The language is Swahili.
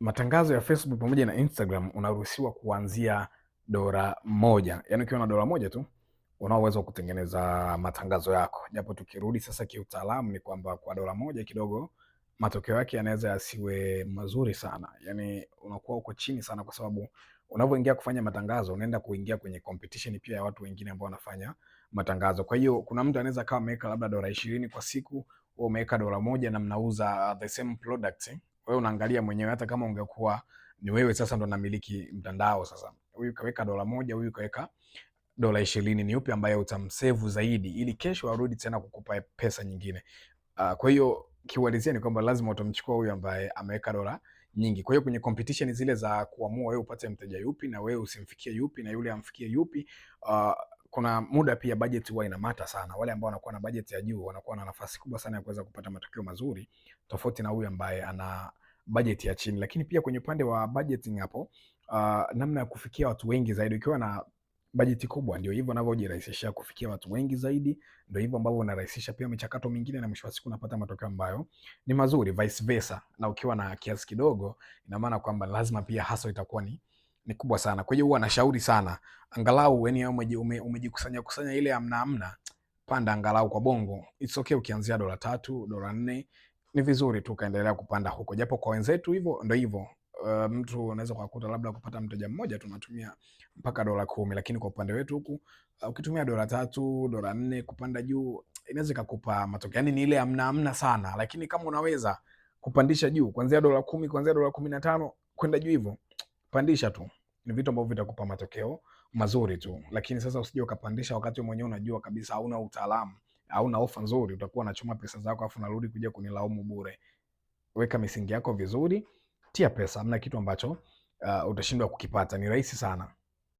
matangazo ya Facebook pamoja na Instagram unaruhusiwa kuanzia dola moja, yaani ukiwa na dola moja tu unao uwezo wa kutengeneza matangazo yako, japo tukirudi sasa kiutaalamu ni kwamba kwa dola moja kidogo matokeo yake yanaweza yasiwe mazuri sana, yaani unakuwa uko chini sana, kwa sababu unavyoingia kufanya matangazo unaenda kuingia kwenye competition pia ya watu wengine ambao wanafanya matangazo. Kwa hiyo kuna mtu anaweza akawa ameweka labda dola ishirini kwa siku, wewe umeweka dola moja na mnauza the same product kwa hiyo unaangalia mwenyewe, hata kama ungekuwa ni wewe sasa ndo namiliki mtandao sasa, huyu kaweka dola moja, huyu kaweka dola ishirini, ni upi ambaye utamsevu zaidi, ili kesho arudi tena kukupa pesa nyingine. Uh, kwa hiyo kiuhalisia ni kwamba lazima utamchukua huyu ambaye ameweka dola nyingi. Kwa hiyo kwenye competition zile za kuamua wewe upate mteja yupi na wewe usimfikie yupi na yule amfikie yupi, uh, kuna muda pia budget huwa ina mata sana. Wale ambao wanakuwa na budget ya juu wanakuwa na nafasi kubwa sana ya kuweza kupata matokeo mazuri tofauti na huyu ambaye ana bajeti ya chini, lakini pia kwenye upande wa budgeting hapo, uh, namna ya kufikia watu wengi zaidi ukiwa na bajeti kubwa, ndio hivyo unavyojirahisishia kufikia watu wengi zaidi, ndio hivyo ambavyo unarahisisha pia michakato mingine, na mwisho wa siku unapata matokeo ambayo ni mazuri, vice versa. Na ukiwa na kiasi kidogo, ina maana kwamba lazima pia hasa itakuwa ni ni kubwa sana. Kwa hiyo huwa nashauri sana, angalau yani umejikusanya kusanya ile amna amna, panda angalau kwa bongo, it's okay ukianzia dola tatu, dola nne ni vizuri tu kaendelea kupanda huko, japo kwa wenzetu hivyo ndo hivyo. Uh, eh, mtu unaweza kukuta labda kupata mteja mmoja tunatumia mpaka dola kumi, lakini kwa upande wetu huku uh, ukitumia dola tatu dola nne kupanda juu inaweza ikakupa matokeo, yani ni ile amna amna sana, lakini kama unaweza kupandisha juu kuanzia dola kumi kuanzia dola kumi na tano kwenda juu hivyo, pandisha tu, ni vitu ambavyo vitakupa matokeo mazuri tu. Lakini sasa usije ukapandisha wakati mwenyewe unajua kabisa hauna utaalamu hauna ofa nzuri, utakuwa unachoma pesa zako afu narudi kuja kunilaumu bure. Weka misingi yako vizuri, tia pesa, hamna kitu ambacho uh, utashindwa kukipata, ni rahisi sana.